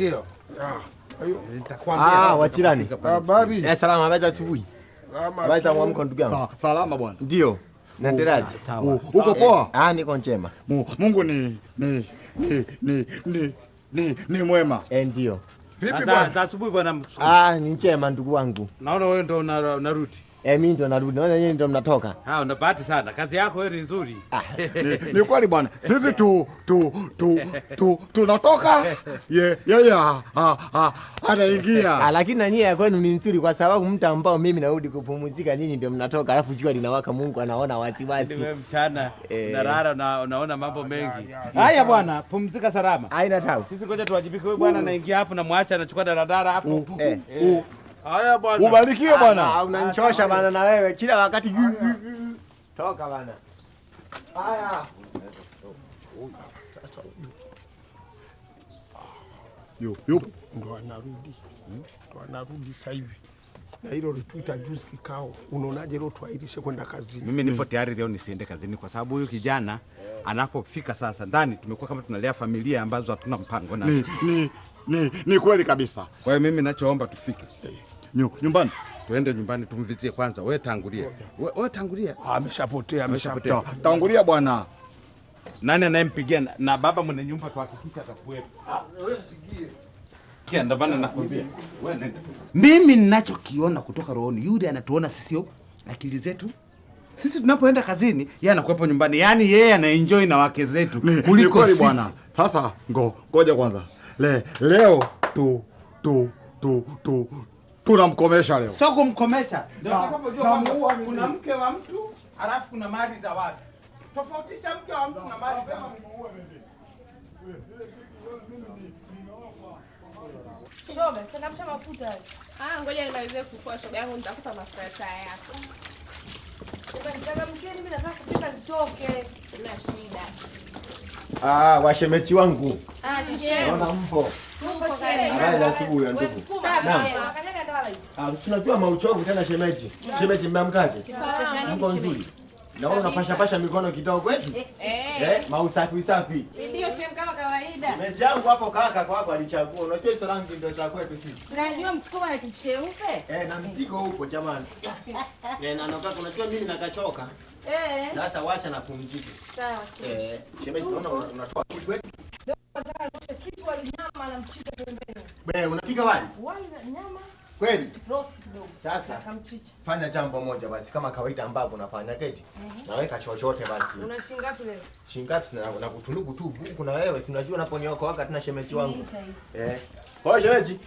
Ndio. Ah, ah, wachirani. Habari. Eh, salama, habari za asubuhi. Habari za mwamko ndugu yangu. Salama bwana. Ndio. Oh, Naendeleaje? Sawa. Ah, uko poa? Eh. Ah, niko njema. Mungu ni ni ni ni ni ni, ni mwema. Eh, ndio. Vipi bwana? Za asubuhi bwana. Ah, ni njema ndugu wangu. Naona wewe ndio unarudi. Eh, mimi ndo narudi. Naona yeye ndo mnatoka. Ah, una bahati sana. Kazi yako wewe ni nzuri. Ah. ni, ni kweli bwana. Sisi tu tu tu tu tunatoka. Ye ye, ah, ah, ah anaingia. Ah, lakini na nyie kwenu ni nzuri kwa sababu mtu ambao mimi narudi kupumzika nyinyi ndio mnatoka. Alafu jua linawaka, Mungu anaona wasiwasi. Ni mchana. Eh. Unalala na unaona mambo mengi. Haya bwana, pumzika salama. Haina tabu. Sisi ngoja tuwajibike. Wewe bwana anaingia hapo na mwacha anachukua daladala hapo. Eh. Haya bwana. Ubarikiwe bwana. Unanichosha bwana na wewe kila wakati. Toka bwana. Haya. Yo, yo. Ndo anarudi. Ndo anarudi sasa hivi. Na hilo lituita juzi kikao. Unaonaje leo tuahirishe kwenda kazini? Mimi nipo tayari leo nisiende kazini kwa sababu huyu kijana anapofika sasa ndani tumekuwa kama tunalea familia ambazo hatuna mpango nazo. Ni, ni kweli kabisa. Kwa hiyo mimi nachoomba tufike eh. nyumbani, tuende nyumbani tumvizie kwanza. Wewe tangulia, wewe tangulia. Ah, ameshapotea, ameshapotea. Tangulia bwana. Nani anayempigia? Na baba mwenye nyumba tuhakikisha atakuwepo. Ah, wewe nakwambia. Wewe nenda. Mimi ninachokiona kutoka rohoni, yule anatuona sisi akili zetu sisi tunapoenda kazini yeye anakuwepo nyumbani, yaani yeye anaenjoy na wake zetu kuliko sisi. Bwana, sasa ngo ngoja kwanza le, leo tu tu tu tu tunamkomesha leo. Sio kumkomesha, ndio utakapojua kuna mke wa mtu alafu kuna mali za watu. Tofautisha mke wa mtu na mali za watu. Shoga, changamsha mafuta. Ah, ngoja nimalizie kufua shoga yangu nitakupa mafuta yako. Mimi nataka kupika nitoke. Na shida. Ah, washemeji wangu tunajua mauchovu tena, shemeji. Shemeji, mmeamkaje? Mko nzuri? Naona unapasha pasha mikono kidogo eti mausafi usafi mechangu hapo kaka kwako alichagua. Unajua hizo rangi ndio za kwetu sisi. Unajua msukuma na kitu eh, na mzigo huko jamani eh, na ndio kaka, unajua mimi nakachoka eh. Sasa wacha na sawa eh. Shemeji, unaona unatoa kwetu unapika wali? Wali na nyama. Kweli? Roast kidogo. Sasa fanya jambo moja basi kama kawaida ambavyo unafanya keti. Mm -hmm. Naweka chochote basi. Una shilingi ngapi leo? Shilingi ngapi na kutunuku tu huku na wewe si unajua unaponioka waka tena shemeji wangu. Eh. Kwa shemeji.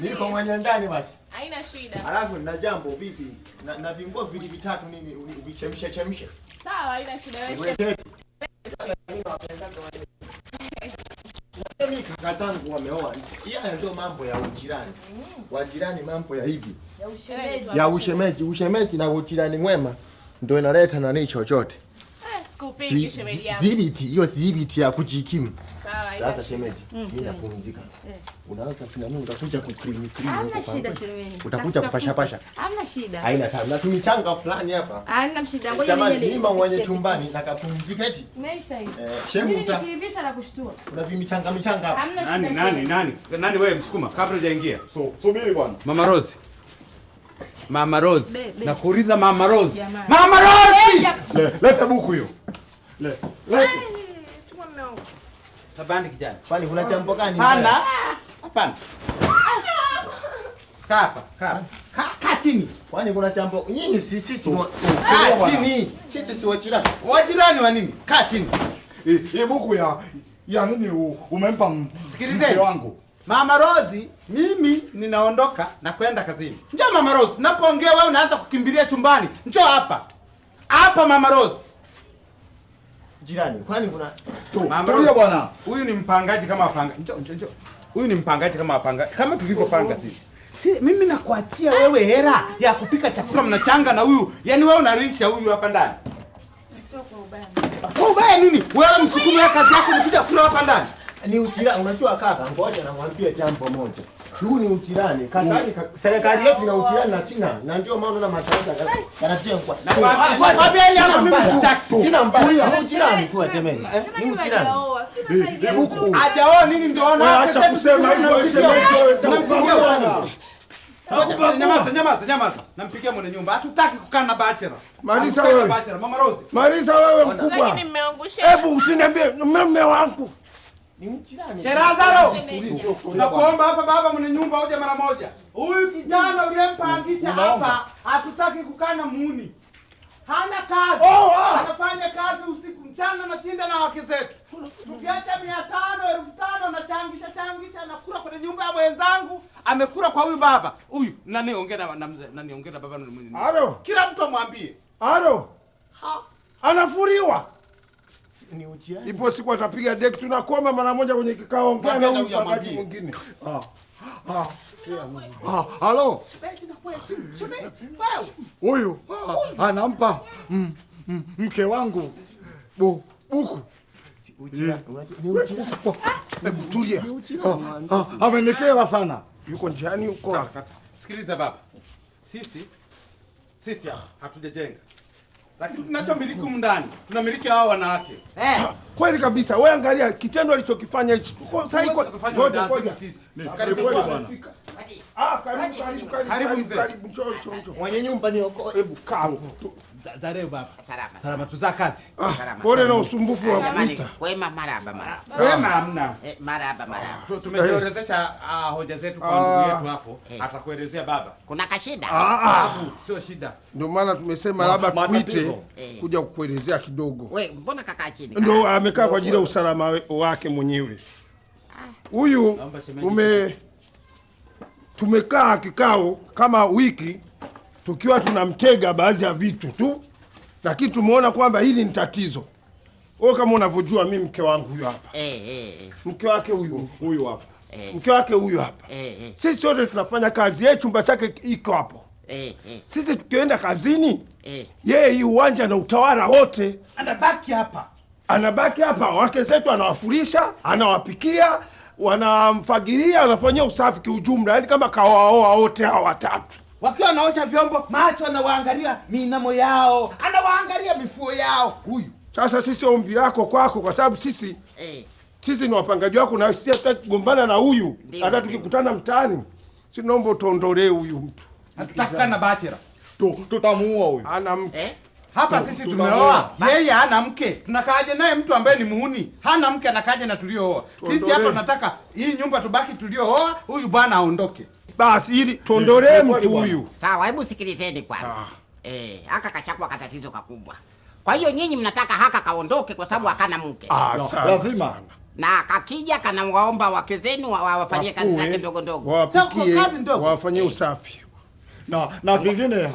Niko mwenye ndani basi. Haina shida. Alafu na jambo vipi? Na, na vili vitatu nini uvichemshe chemshe. Sawa, haina shida wewe. Wewe keti kaka zangu wameoa. Haya ndio mambo ya ujirani, mm. wajirani, mambo ya hivi ya ushemeji, yaani ya ushemeji, ushemeji na ujirani mwema ndio inaleta nani chochote. Eh, sikupingi shemeji yangu. Zibiti hiyo, zibiti ya kujikimu sawa, Sasa shemeji, mm, mimi napumzika. Eh. Unaanza sina mimi utakuja ku cream cream clean pale. Hamna shida shemeji. Utakuja kupasha pasha. Hamna shida. Haina tabu. Na tumichanga fulani hapa. Hamna shida. Ngoja mimi nile. Mimi mwenye chumbani na kapumzika eti. Maisha hii. Eh, shemu uta. Nikivisha na kushtua. Kuna vimichanga michanga hapa. Nani nani nani? Nani wewe msukuma kabla hujaingia? So, so mimi bwana. Mama Rose. Mama Rose. Nakuuliza Mama Rose. Mama Rose. Eh, leta buku hiyo. Leta. Sabandi kijana. Kwani kuna chambo gani? Hana. Hapana. Kapa, kapa. Ka chini. Kwani kuna Nyinyi si Ka chini. Sisi si wajirani. Wajirani wa nini? Ka chini. Eh, buku ya ya nini umempa mke wangu? Mama Rozi, mimi ninaondoka na kwenda kazini. Njoo Mama Rozi, napoongea wewe unaanza kukimbilia chumbani. Njoo hapa. Hapa Mama Rozi jirani, kwani kuna tulia bwana. Huyu ni mpangaji kama panga, njoo njoo. Huyu ni mpangaji kama panga, kama tulivyopanga oh, oh. sisi. Si mimi nakuachia wewe hera ya kupika chakula, mnachanga na huyu. Yaani wewe unarisha huyu hapa ndani. Sio kwa ubaya. Kwa ubaya nini? Wewe msukumo ya kazi yako, unakuja kula hapa ndani. Ni ujira, unajua kaka, ngoja namwambie jambo moja huu ni utirani. Serikali yetu ina utirani na China na ndio maana na mataifa yanatengwa. Sina mbaya. Ni utirani tu atemeni. Ni utirani. Huko. Ajao nini ndio ana acha kusema hivyo shemeji wewe. Nyamaza, nyamaza, nyamaza. Nampigia mwenye nyumba. Hatutaki kukaa na bachelor. Marisa wewe. Mama Rose. Marisa wewe mkubwa. Hebu usiniambie mume wangu. Sherazaro, tunakuomba hapa baba mwenye nyumba hoja mara moja. Huyu kijana uliyempangisha hapa hatutaki kukana muni, hana kazi oh, oh. Anafanya kazi usiku mchana, shinda na wake zetu, tukiacha mia tano elfu tano nachangisha changisha, kula kwenye nyumba ya wenzangu amekula kwa huyu baba huyu. Nani ongea na nani ongea na baba? Kila mtu amwambie halo, anafuriwa Ipo siku atapiga deki, tunakoma mara moja kwenye kikao, ongea huyu wakati mwingine. Ah. Ah. ah. ah halo. Huyu anampa mm, mm, mke wangu buku amenekewa sana, yuko njiani huko. Sikiliza baba, sisi sisi hatujajenga lakini tunachomiliki humu ndani tunamiliki hawa wanawake. Eh. Ah, Kweli kabisa. we angalia kitendo alichokifanya hichi. Sasa iko kwa ngoja. Karibuni bwana. Ah, karibu mzee. Karibu njoo njoo. Mwenye nyumba Hebu kaa baba. Salama. Salama tuza kazi. Salama. Pole na usumbufu wa kuita. maraba maraba. Eh, maraba maraba. hoja zetu kwa ndugu yetu hapo. Atakuelezea baba. Kuna kashida? Ah, sio shida. Ndio maana tumesema labda tukuite kuja kukuelezea kidogo. Wewe mbona kakaa chini? Ndio amekaa kwa ajili ya usalama wake mwenyewe. Huyu tumekaa kikao kama wiki tukiwa tunamtega baadhi ya vitu tu, lakini tumeona kwamba hili ni tatizo. Wewe kama unavyojua, mi mke wangu huyu hapa eh, eh, eh, mke wake huyu huyu hapa eh, mke wake huyu hapa eh, eh. Sisi wote tunafanya kazi, yeye chumba chake iko hapo eh, eh. Sisi tukienda kazini eh, yeye hii uwanja na utawala wote anabaki hapa, anabaki hapa. Wake zetu anawafurisha, anawapikia wanamfagilia, wanafanyia usafi kiujumla, yani kama kawaoa wote hawa watatu wakiwa wanaosha vyombo, macho anawaangalia minamo yao, anawaangalia mifuo yao. Huyu sasa, sisi ombi lako kwako, kwa sababu sisi hey, eh. sisi ni wapangaji wako na sisi hatutaki kugombana na huyu. Hata tukikutana mtaani, si naomba utondolee huyu mtu, tutamuua huyu, ana mtu eh? hapa sisi tumeoa, yeye hana mke, tunakaaje naye? Mtu ambaye ni muhuni hana mke anakaaje na tuliooa sisi? Hapa tunataka hii nyumba tubaki tuliooa, huyu bwana aondoke basi, ili tuondolee eh, mtu huyu. Sawa, hebu sikilizeni kwanza. Ah. Eh, haka kachakuwa katatizo kakubwa. Kwa hiyo nyinyi mnataka haka kaondoke kwa sababu hakana mke. Ah, no, lazima na kakija kanawaomba wake zenu wawafanyie kazi zake ndogo ndogo, sio kazi ndogo, wafanyie eh. usafi na na vingine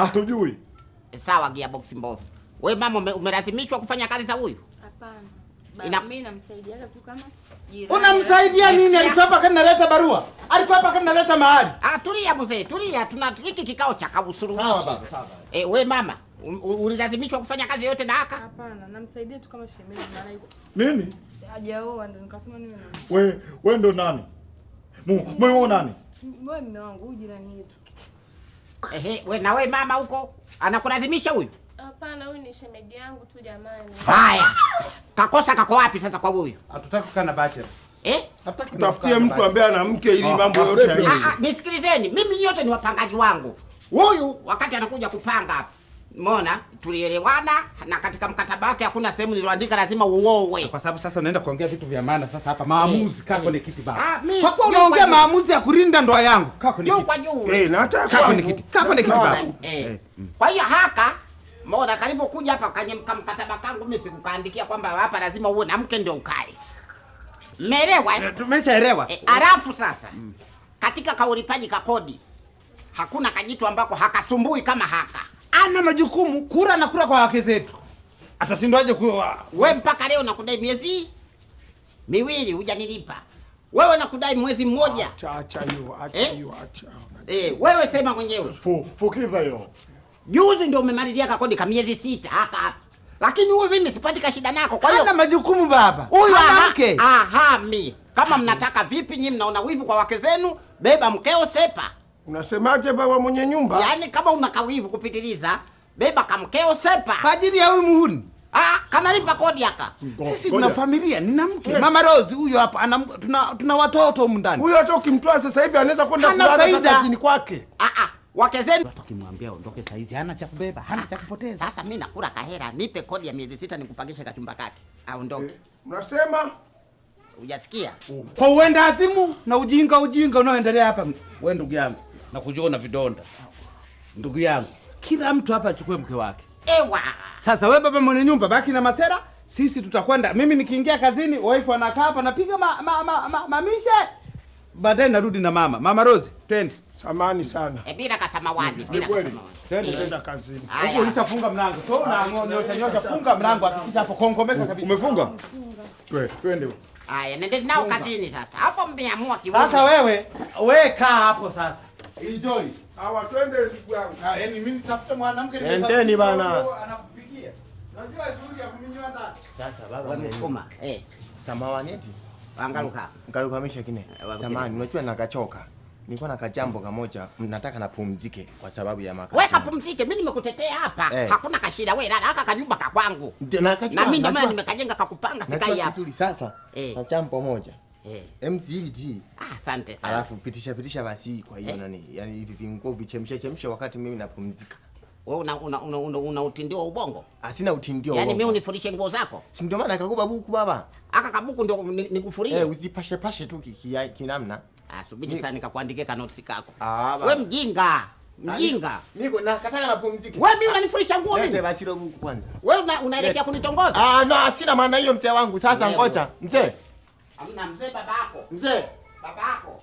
hatujui ha, ha, Sawa, Gearbox mbovu. We mama, umelazimishwa kufanya kazi za huyu? Hapana. mimi namsaidia tu kama jirani. Unamsaidia nini? Alikuwa hapa kani naleta barua. Alikuwa hapa kani naleta mahali. Ah, tulia mzee, tulia. Tuna hiki kikao cha kausuru. Sawa baba, sawa. Eh, we mama, ulilazimishwa kufanya kazi yote na haka? Hapana, namsaidia tu kama shemeji maana yuko. Mimi? Hajaoa ndo nikasema mimi na. We, we ndo nani? Mwe, wewe nani? Mwe mme wangu, huyu jirani yetu. Ehe, we na we mama huko anakulazimisha huyu? Hapana, huyu ni shemeji yangu tu jamani. Haya. Kakosa kako wapi sasa kwa huyu? Hatutaki kukaa na bachelor. Eh? Tutafutie mtu ambaye ana mke ili ah, mambo yote yaende. Ah, ah, Nisikilizeni, mimi nyote ni wapangaji wangu. Huyu wakati anakuja kupanga hapa mona tulielewana na katika mkataba wake hakuna sehemu niliandika lazima uowe. Kwa sababu sasa unaenda kuongea vitu vya maana sasa hapa maamuzi hey, eh, kako hey. Eh. ni kiti baba. Ah, kwa kuwa unaongea maamuzi ya kulinda ndoa yangu. Kako ni kiti. Juu kwa juu. Eh, eh na hata kako ni kiti. Kako ni kiti baba. Eh. Kwa hiyo haka mona karibu kuja hapa kwenye mkataba kangu mimi sikukaandikia kwamba hapa lazima uwe na mke ndio ukae. Mmeelewa? E, Tumeshaelewa. E, alafu sasa mm. Katika kaulipaji ka kodi hakuna kajitu ambako hakasumbui kama haka ana majukumu kura na kura kwa wake zetu, atashindwaje Kwa we mpaka leo nakudai miezi miwili hujanilipa wewe, nakudai mwezi mmoja. Acha acha hiyo, acha eh? hiyo, acha eh, wewe sema mwenyewe, fukiza hiyo. Juzi ndio umemalizia kakodi ka miezi sita hapa ah, ah. hapa, lakini huyu mimi sipati ka shida nako. Kwa hiyo ana majukumu baba huyu, anamke ahami. Kama mnataka vipi nyinyi, mnaona wivu kwa wake zenu, beba mkeo sepa Unasemaje baba mwenye nyumba? Yaani kama unakawi hivi kupitiliza, beba kamkeo sepa. Kwa ajili ya huyu muhuni. Ah, kanalipa kodi aka. Sisi tuna familia, nina mke. Yeah. Mama Rose huyo hapa ana tuna, tuna watoto huko ndani. Huyo hata ukimtoa sasa hivi anaweza kwenda kulala kazini kwake. Ah ah. Wake zenu tukimwambia ondoke sasa hivi hana cha kubeba, hana ah, cha kupoteza. Sasa mimi nakula kahera, nipe kodi ya miezi sita nikupangishe kachumba kake. Aondoke. Eh, unasema Hujasikia? Kwa uenda azimu na ujinga ujinga unaoendelea hapa. Wewe ndugu yangu na kujiona vidonda. Ndugu yangu, kila mtu hapa achukue mke wake. Ewa. Sasa wewe baba mwenye nyumba baki na masera, sisi tutakwenda. Mimi nikiingia kazini, wife anakaa hapa napiga ma, ma, ma, ma, mamishe. Baadaye narudi na mama. Mama Rose, twende. Samani sana. E, bila kasama kasamawani, bila kasama. Twende twende eh. kazini. Huko ulishafunga mlango. So na ah. nyosha nyosha funga mlango hakikisha hapo kongomeka kabisa. Umefunga? Twende twende. Aya, nende nao kazini sasa. Hapo mmeamua kiwili. Sasa wewe, wewe kaa hapo sasa. Enjoy. Hawa twende yangu. Ah, yani mimi mwanamke Endeni bana. Unajua zuri ya kuminywa Sasa baba Eh. Angaluka. Angaluka kine. Eh, Samani, unajua nakachoka. Nilikuwa na kajambo kamoja, nataka napumzike kwa sababu ya maka. Wewe kapumzike, mimi nimekutetea hapa. Eh. Hakuna kashida wewe, lala haka kanyumba ka kwangu. Na mimi ndio maana nimekajenga kakupanga sikai hapa. Sasa, eh. Kajambo moja. Eh. MC hivi ji. Ah, asante sana. Alafu pitisha pitisha basi kwa hiyo eh. Nani? Yaani hivi vinguo vichemsha chemsha wakati mimi napumzika. Wewe una una, una, una, una utindio wa ubongo? Ah, sina utindio wa ubongo. Yaani mimi unifurishe nguo zako. Si ndio maana akakupa buku baba. Aka kabuku ndio nikufurie. eh, uzipashe pashe tu kinamna. Ah, subiri sana nikakuandike ka notes kako. Ah, baba. wewe mjinga. Mjinga. Niko ah, na kataka napumzike. Wewe mimi unanifurisha nguo mimi. Basi robo kwanza. Wewe unaelekea kunitongoza? Ah, no, sina maana hiyo mzee wangu. Sasa ngoja, mzee. Hamna mzee, babako mzee, babako